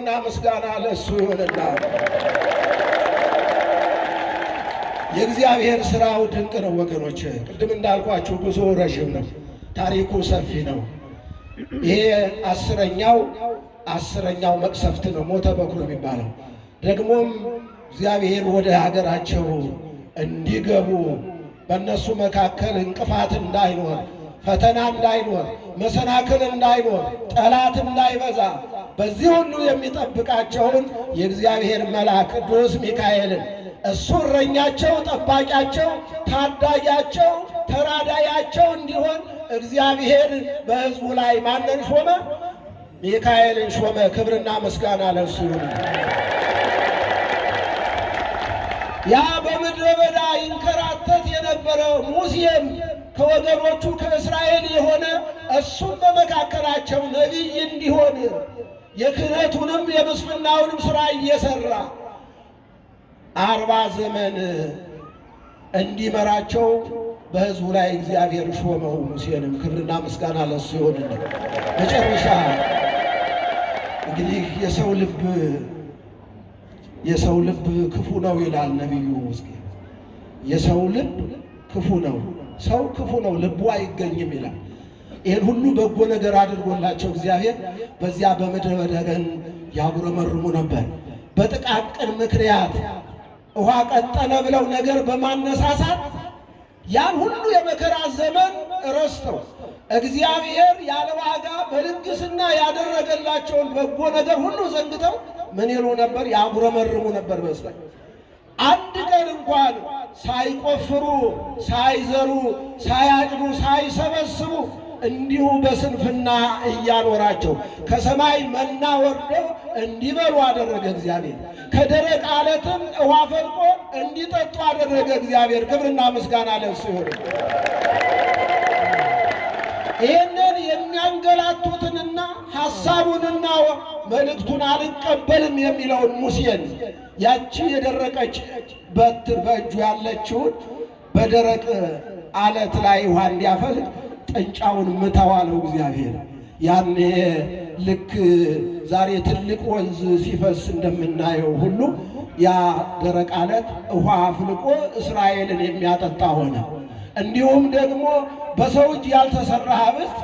ክብርና ምስጋና ለሱ ይሆንና የእግዚአብሔር ስራው ድንቅ ነው ወገኖች። ቅድም እንዳልኳችሁ ጉዞ ረዥም ነው፣ ታሪኩ ሰፊ ነው። ይሄ አስረኛው አስረኛው መቅሰፍት ነው ሞተ በኩር የሚባለው ደግሞም እግዚአብሔር ወደ ሀገራቸው እንዲገቡ በእነሱ መካከል እንቅፋት እንዳይኖር፣ ፈተና እንዳይኖር፣ መሰናክል እንዳይኖር፣ ጠላት እንዳይበዛ በዚህ ሁሉ የሚጠብቃቸውን የእግዚአብሔር መልአክ ቅዱስ ሚካኤልን እሱ እረኛቸው፣ ጠባቂያቸው፣ ታዳጊያቸው፣ ተራዳያቸው እንዲሆን እግዚአብሔር በሕዝቡ ላይ ማንን ሾመ? ሚካኤልን ሾመ። ክብርና ምስጋና ለእሱ ይሁን። ያ በምድረ በዳ ይንከራተት የነበረው ሙሴም ከወገኖቹ ከእስራኤል የሆነ እሱም በመካከላቸው ነቢይ እንዲሆን የክህነቱንም የምስፍናውንም ሥራ እየሠራ አርባ ዘመን እንዲመራቸው በሕዝቡ ላይ እግዚአብሔር ሾመው። ሙሴንም ክብርና ምስጋና ለሱ ይሆንልን። መጨረሻ እንግዲህ የሰው ልብ የሰው ልብ ክፉ ነው ይላል ነቢዩ። የሰው ልብ ክፉ ነው ሰው ክፉ ነው፣ ልቡ አይገኝም ይላል። ይህን ሁሉ በጎ ነገር አድርጎላቸው እግዚአብሔር በዚያ በምድረ በዳ ያጉረመርሙ ነበር። በጥቃቅን ምክንያት ውሃ ቀጠለ ብለው ነገር በማነሳሳት ያን ሁሉ የመከራ ዘመን ረስተው እግዚአብሔር ያለ ዋጋ በልግስና ያደረገላቸውን በጎ ነገር ሁሉ ዘንግተው ምን ይሉ ነበር? ያጉረመርሙ ነበር። መስለ አንድ ቀን እንኳን ሳይቆፍሩ፣ ሳይዘሩ፣ ሳያጭዱ፣ ሳይሰበስቡ እንዲሁ በስንፍና እያኖራቸው ከሰማይ መና ወርዶ እንዲበሉ አደረገ እግዚአብሔር። ከደረቅ አለትም ውሃ ፈልቆ እንዲጠጡ አደረገ እግዚአብሔር። ክብርና ምስጋና ለእሱ ይሁን። መልእክቱን አልቀበልም የሚለውን ሙሴን ያቺ የደረቀች በትር በእጁ ያለችውን በደረቅ አለት ላይ ውሃ እንዲያፈልቅ ጥንጫውን ምታዋለው እግዚአብሔር። ያኔ ልክ ዛሬ ትልቅ ወንዝ ሲፈስ እንደምናየው ሁሉ ያ ደረቅ አለት ውሃ አፍልቆ እስራኤልን የሚያጠጣ ሆነ። እንዲሁም ደግሞ በሰው እጅ ያልተሰራ ኅብስት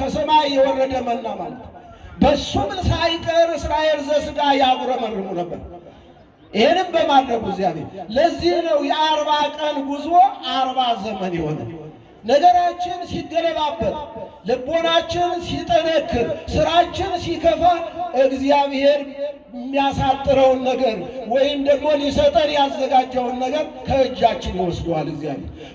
ከሰማይ የወረደ መና ማለት በሱም ሳይቀር እስራኤል ዘስጋ ያጉረመርሙ ነበር። ይህንም በማድረጉ እግዚአብሔር ለዚህ ነው የአርባ ቀን ጉዞ አርባ ዘመን የሆነ ነገራችን ሲገለባበት፣ ልቦናችን ሲጠነክር፣ ስራችን ሲከፋ እግዚአብሔር የሚያሳጥረውን ነገር ወይም ደግሞ ሊሰጠን ያዘጋጀውን ነገር ከእጃችን ይወስደዋል እግዚአብሔር።